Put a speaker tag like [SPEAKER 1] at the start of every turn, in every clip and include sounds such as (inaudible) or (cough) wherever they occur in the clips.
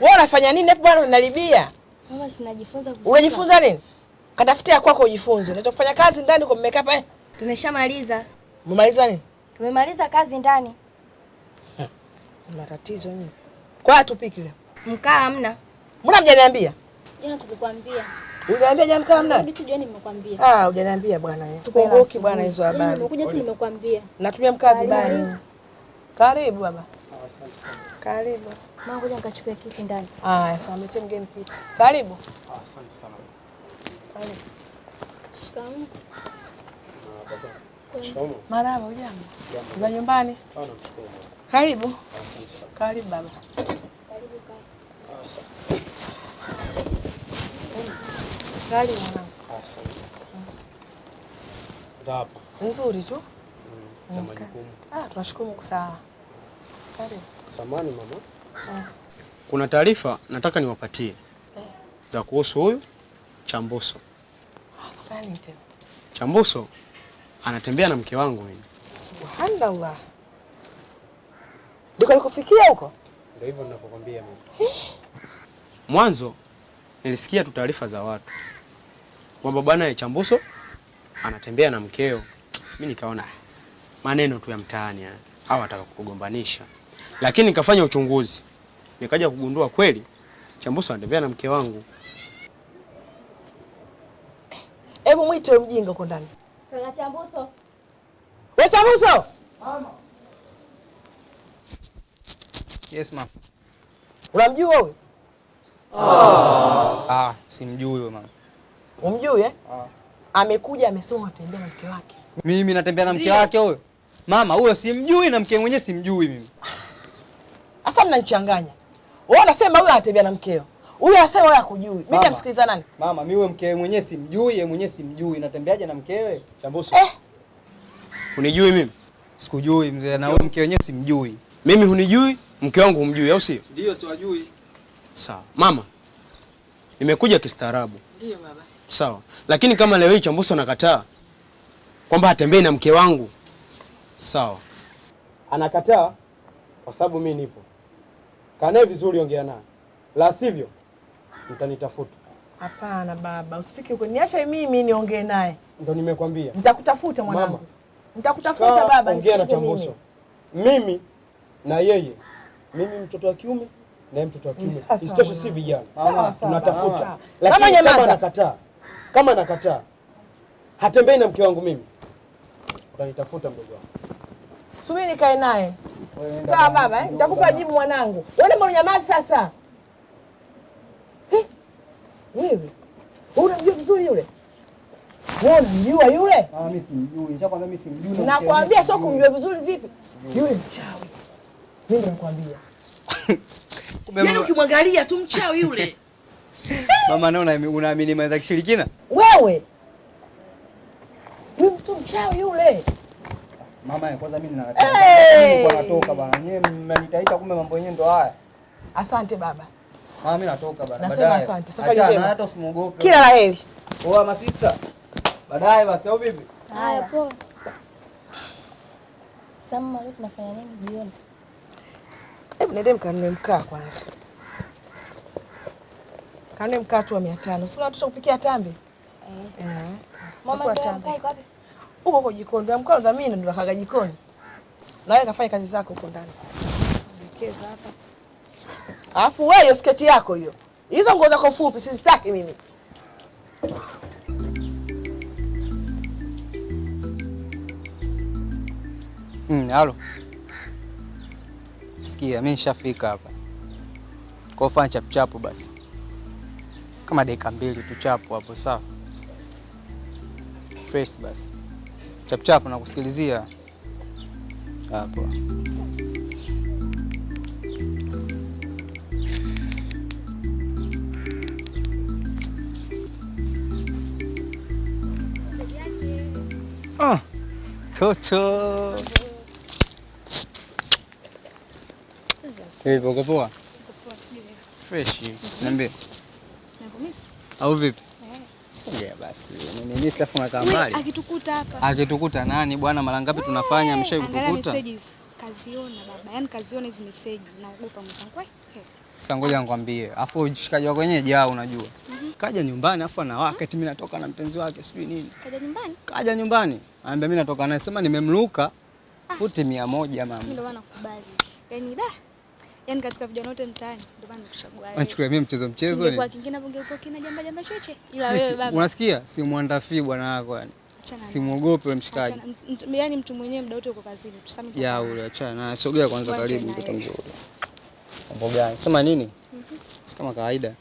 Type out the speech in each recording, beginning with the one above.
[SPEAKER 1] Wewe unafanya nini hapo bwana unalibia?
[SPEAKER 2] Mama sinajifunza
[SPEAKER 1] kusuka. Unajifunza nini? Katafute ya kwako ujifunze. Unataka kufanya kazi ndani kwa mmeka hapa
[SPEAKER 2] eh? Tumeshamaliza. Mmaliza nini? Tumemaliza kazi ndani.
[SPEAKER 1] Matatizo nini?
[SPEAKER 2] Kwa tupiki leo.
[SPEAKER 1] Mkaa hamna.
[SPEAKER 2] Mbona mjaniambia? Jana tulikwambia. Uniambia jana mkaa hamna? Mimi tujue
[SPEAKER 1] nimekwambia. Ah, hujaniambia bwana. Eh.
[SPEAKER 2] Tukongoki bwana hizo habari.
[SPEAKER 1] Nimekuja tu nimekwambia. Natumia mkaa vibaya. Karibu baba. Karibu.
[SPEAKER 2] Mama, ngoja nikachukue kiti
[SPEAKER 1] ndani. Ah, sawa, mtie mgeni kiti.
[SPEAKER 3] Karibu. Ah, Asante sana.
[SPEAKER 1] Karibu. Shikamoo. Shikamoo. Marahaba, hujambo? Za nyumbani? Ah, Karibu. Ah,
[SPEAKER 3] Karibu baba. Karibu kaka. Ah, Karibu mwanangu. Ah, asante. Za hapa. Nzuri tu. Mm,
[SPEAKER 1] Ah, Tunashukuru kwa sana. Karibu. Samani
[SPEAKER 3] mama. Ha. Ah.
[SPEAKER 4] Kuna taarifa nataka niwapatie eh. za kuhusu huyu Chambuso. Chambuso anatembea na mke wangu
[SPEAKER 1] mimi. Subhanallah. Ndiko nilikofikia huko? Ndio hivyo ninapokuambia mimi. Eh?
[SPEAKER 4] Mwanzo nilisikia tu taarifa za watu kwamba bwana Chambuso anatembea na mkeo. Mimi nikaona maneno tu ya mtaani Hawa wataka kukugombanisha lakini nikafanya uchunguzi, nikaja kugundua kweli Chambuso anatembea na mke wangu.
[SPEAKER 1] Hebu mwite mjinga
[SPEAKER 2] huko ndani. Kana Chambuso.
[SPEAKER 1] We
[SPEAKER 3] Chambuso! Mama.
[SPEAKER 5] Yes, mama.
[SPEAKER 1] Unamjua wewe?
[SPEAKER 6] Ah.
[SPEAKER 5] Ah, simjui wewe mama.
[SPEAKER 1] Umjui eh? Ah. Amekuja amesoma atembea na mke
[SPEAKER 4] wake. Mimi natembea na mke wake huyo? Mama, huyo simjui na mke mwenyewe simjui mimi. Ah.
[SPEAKER 1] Asa mnanichanganya. Wewe unasema huyu anatembea na mkeo. Huyu anasema wewe hakujui. Mimi namsikiliza nani?
[SPEAKER 5] Mama, mimi wewe mkewe mwenyewe simjui, yeye mwenyewe simjui. Natembeaje
[SPEAKER 4] na mkewe? Chambusu. Eh. Unijui mimi?
[SPEAKER 5] Sikujui mzee, na wewe mke wenyewe
[SPEAKER 4] simjui. Mimi hunijui, mke
[SPEAKER 3] wangu humjui, au sio? Ndio, siwajui.
[SPEAKER 4] Sawa. Mama. Nimekuja kistaarabu. Ndio baba. Sawa. Lakini kama leo hii Chambusu anakataa kwamba atembee na mke wangu. Sawa.
[SPEAKER 3] Anakataa kwa sababu mimi nipo. Kanae vizuri, ongea naye, la sivyo mtanitafuta.
[SPEAKER 1] Hapana baba, usifike huko, niache mimi
[SPEAKER 3] niongee naye. Ndio
[SPEAKER 1] nimekwambia nitakutafuta mwanangu, nitakutafuta
[SPEAKER 3] baba. Ongea na Chamboso, mimi na yeye, mimi mtoto wa kiume na mtoto wa kiume, isitoshe si vijana,
[SPEAKER 1] tunatafuta. Lakini kama nakataa,
[SPEAKER 3] kama nakataa, hatembei na mke wangu mimi, utanitafuta mdogo wangu.
[SPEAKER 1] Subiri nikae naye. Sawa baba, eh? nitakupa jibu mwanangu. Wewe mbona unyamazi sasa? Eh? Wewe unamjua vizuri yule? Wewe unamjua
[SPEAKER 3] yule? Ah, mimi simjui. Nishakwambia mimi
[SPEAKER 1] simjui. Nakwambia sio kumjua vizuri vipi? Yule mchawi. Mimi nakwambia. (laughs) Yaani ukimwangalia tu mchawi yule.
[SPEAKER 5] (laughs) Mama naona unaamini mambo kishirikina?
[SPEAKER 1] Wewe. Mimi mtu mchawi yule.
[SPEAKER 3] Mama, kwanza mimi natoka bwana. Nyewe mmenitaita kumbe mambo yenyewe ndo haya.
[SPEAKER 1] Asante baba.
[SPEAKER 3] Mama, mimi natoka
[SPEAKER 1] bwana. Nasema asante. Safari njema. Hata usimwogope. Kila la heri.
[SPEAKER 3] Poa oh, sister. Baadaye
[SPEAKER 2] basi au vipi? Haya poa. Samma, leo tunafanya nini jioni?
[SPEAKER 1] Hebu nende mkanunue mkaa kwanza. Kanunue mkaa tu wa 500. Si unatosha kupikia tambi?
[SPEAKER 2] Eh. eh. Mama, tambi. mkaa wapi?
[SPEAKER 1] huko huko jikoni. Bila mkwanza mimi ndo nakaga jikoni. Na wewe kafanya kazi zako huko ndani. hapa. Alafu wewe hiyo sketi yako hiyo. Hizo nguo zako fupi sizitaki mimi.
[SPEAKER 5] Mm, halo. Sikia, mimi nishafika hapa. Kwa fanya chap chapu basi. Kama dakika mbili tu chapu hapo sawa. Fresh basi. Chapchapu na kusikilizia hapo. Ah, toto poa poa, fresh. Mhm. Niambie au vipi? Sogea basi. Nini safu na kambali.
[SPEAKER 2] Akitukuta hapa.
[SPEAKER 5] Akitukuta nani bwana mara ngapi tunafanya
[SPEAKER 2] ameshawahi Kaziona baba. Yaani kaziona hizi message. Naogopa mtangwe.
[SPEAKER 5] Sasa ngoja nikwambie. Afu ushikaji wako wenyewe jaa unajua. Mhm. Kaja nyumbani afu anawaka eti mimi natoka na mpenzi wake
[SPEAKER 2] sijui nini. Kaja nyumbani?
[SPEAKER 5] Kaja nyumbani. Anambia mimi natoka naye sema nimemluka ah. futi
[SPEAKER 2] 100 mama. Mimi ndo nakubali. Yaani da Yaani katika vijana wote mtaani ndio maana nikuchagua
[SPEAKER 5] wewe. Nachukulia mimi mchezo
[SPEAKER 2] mchezo ni. Kwa kingine hapo ungekuwa kina jamba jamba cheche ila wewe baba.
[SPEAKER 5] Unasikia? Si muandafi bwana wako yani. Simuogope
[SPEAKER 2] mshikaji. Yaani mtu mwenyewe muda wote
[SPEAKER 5] uko kazini. Tusame. Ya ule achana na sogea kwanza karibu mtoto mzuri. Mambo gani? Sema nini? Mhm. Si kama kawaida.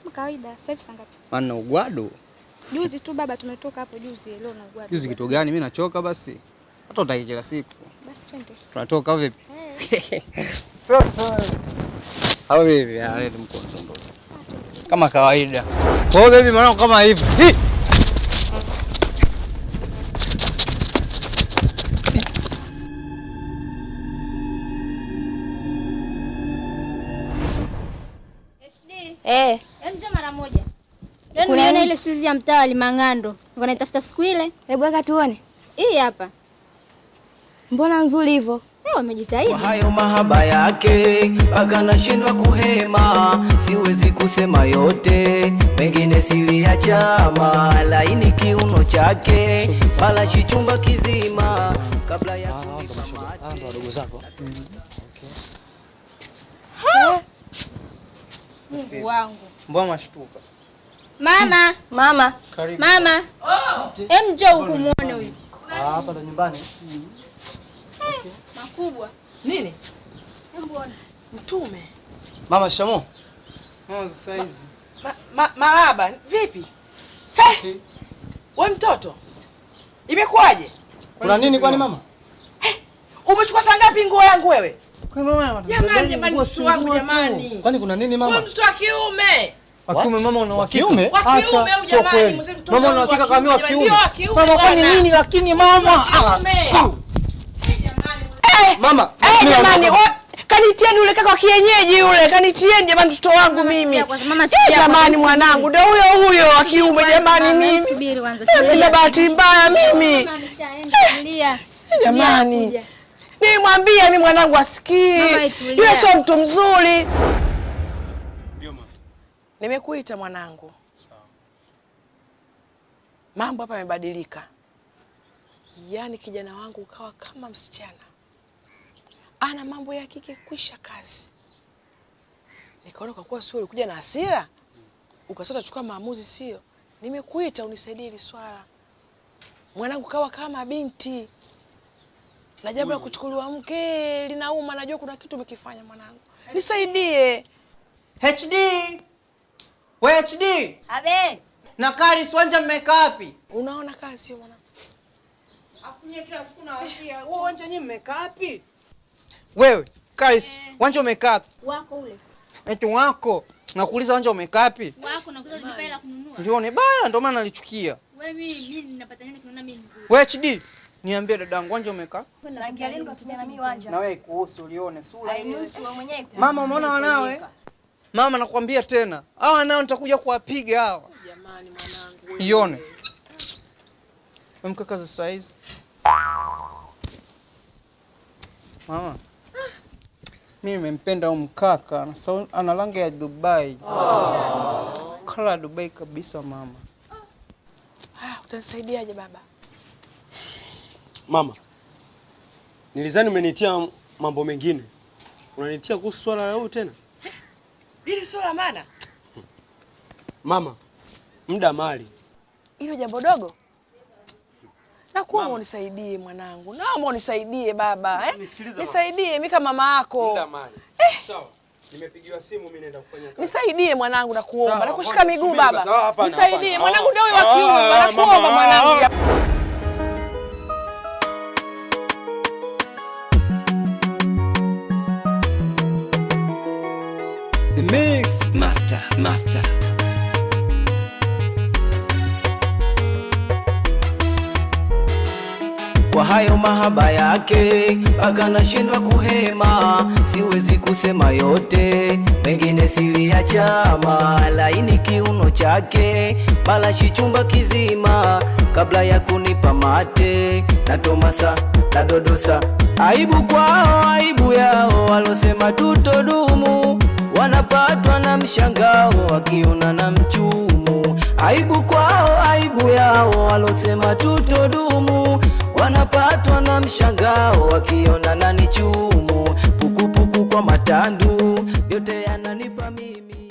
[SPEAKER 2] Kama kawaida. Sasa hivi saa Maana ugwado. Juzi tu baba tumetoka hapo juzi leo
[SPEAKER 5] na ugwado. Juzi kitu gani? Mimi nachoka basi. Hata utaki kila
[SPEAKER 2] siku. Basi twende.
[SPEAKER 5] Tunatoka vipi? Eh. (laughs) Hawa bibi, hivi alete mkono ndo kama kawaida. Kwa hiyo bibi mwanangu kama hivi.
[SPEAKER 2] Eh. Mja mara moja. Yaani niona ile sizi ya mtaa Limang'ando. Uko naitafuta siku ile? Hebu aka tuone. Hii hapa. Mbona nzuri hivyo? wamejitahidi.
[SPEAKER 7] Hayo mahaba yake akanashindwa kuhema, siwezi kusema yote, mengine siri ya chama, laini kiuno chake pala shichumba kizima kabla ya
[SPEAKER 5] wadogo ah, ah, zako
[SPEAKER 2] Mungu wangu.
[SPEAKER 5] Mbona mashtuka?
[SPEAKER 2] Mama, mama. Karibu. Mama. Hem, njoo huku muone
[SPEAKER 5] huyu. Ah, hapa ndo nyumbani
[SPEAKER 2] makubwa. Nini? Mbona?
[SPEAKER 1] Mtume.
[SPEAKER 5] Mama shamo.
[SPEAKER 8] Mama ah, sasa hizi.
[SPEAKER 1] Ma, ma, maraba vipi? Sasa wewe mtoto. Imekuwaje?
[SPEAKER 5] Kuna nini kwani mama?
[SPEAKER 1] Hey, eh, umechukua saa ngapi nguo yangu wewe?
[SPEAKER 2] Kwa mama. Jamani jamani mtoto wangu
[SPEAKER 5] jamani. Kwani kuna nini mama? Wewe mtoto
[SPEAKER 1] wa kiume.
[SPEAKER 5] Wa kiume mama una wakiume? kiume? Wa
[SPEAKER 1] kiume au jamani mzee
[SPEAKER 5] Mama una hakika kama wa
[SPEAKER 1] kiume. Mama
[SPEAKER 5] kwani nini lakini
[SPEAKER 1] mama? Ah
[SPEAKER 5] mama, eh
[SPEAKER 1] jamani, kanitieni ule kaka kienyeji yule, kanitieni jamani, mtoto wangu mimi eh, jamani, mwanangu ndio huyo huyo wa kiume jamani, mimi na bahati mbaya
[SPEAKER 2] mimi eh, eh,
[SPEAKER 1] jamani, nimwambia mimi mwanangu
[SPEAKER 2] asikii,
[SPEAKER 1] yule sio mtu mzuri. Nimekuita mwanangu, mambo hapa yamebadilika, yaani kijana wangu ukawa kama msichana ana mambo ya kike kwisha kazi. Nikaona kwa kuwa sio ulikuja na hasira ukasota chukua maamuzi, sio nimekuita unisaidie hili swala. Mwanangu kawa kama binti na jambo la mm. kuchukuliwa mke linauma, najua kuna kitu umekifanya mwanangu, nisaidie. HD we HD, abe na kali swanja, mmekaa wapi? Unaona kazi hiyo mwanangu, afunye kila siku na wasia. Wewe wanja nyinyi mmekaa wapi? Wewe Karis, eh. wanja umekaa wapi? Wako ule. Eti wako. Nakuuliza wanja umekaa
[SPEAKER 9] wapi? Wako nakuuliza
[SPEAKER 1] tulipa hela kununua. Ndio ni baya, ndio maana
[SPEAKER 9] nalichukia. Wewe mimi mimi ninapata nini kuniona
[SPEAKER 1] mimi nzuri? Wewe HD, niambie dadangu wanja
[SPEAKER 9] umekaa? Naangalia lini katumia na mimi
[SPEAKER 1] wanja. Na wewe kuhusu
[SPEAKER 9] ulione sura ile.
[SPEAKER 1] wewe mwenyewe. Mama umeona wanawe? Mama nakwambia tena. Hawa nao nitakuja kuwapiga hawa. Jamani mwanangu. Ione. mkaka za size. Mama. Mimi nimempenda huyu mkaka ana rangi ya Dubai. Oh. Kala Dubai kabisa mama. Ah, utanisaidiaje baba? Mama, nilizani umenitia mambo mengine, unanitia kuhusu swala la huyu tena hili swala maana mama, muda mali, hilo jambo dogo Nakuomba unisaidie mwanangu, naomba unisaidie baba eh? Nisaidie mimi kama mama yako eh. Sawa. Nimepigiwa simu mimi naenda kufanya kazi. Nisaidie mwanangu na kuomba na kushika miguu baba. Nisaidie mwanangu ndio huyo wa ah, kiume. kuomba mwanangu.
[SPEAKER 7] mix master master kwa hayo mahaba yake, mpaka nashindwa kuhema, siwezi kusema yote, mengine siri ya chama, laini kiuno chake, malashi chumba kizima, kabla ya kunipa mate, na tomasa na dodosa, aibu kwao, aibu yao, walosema tutodumu, wanapatwa na mshangao, wakiona na mchumu, aibu kwao, aibu yao, walosema tutodumu wanapatwa na mshangao wakiona nani chumu, pukupuku puku kwa matandu, yote yananipa mimi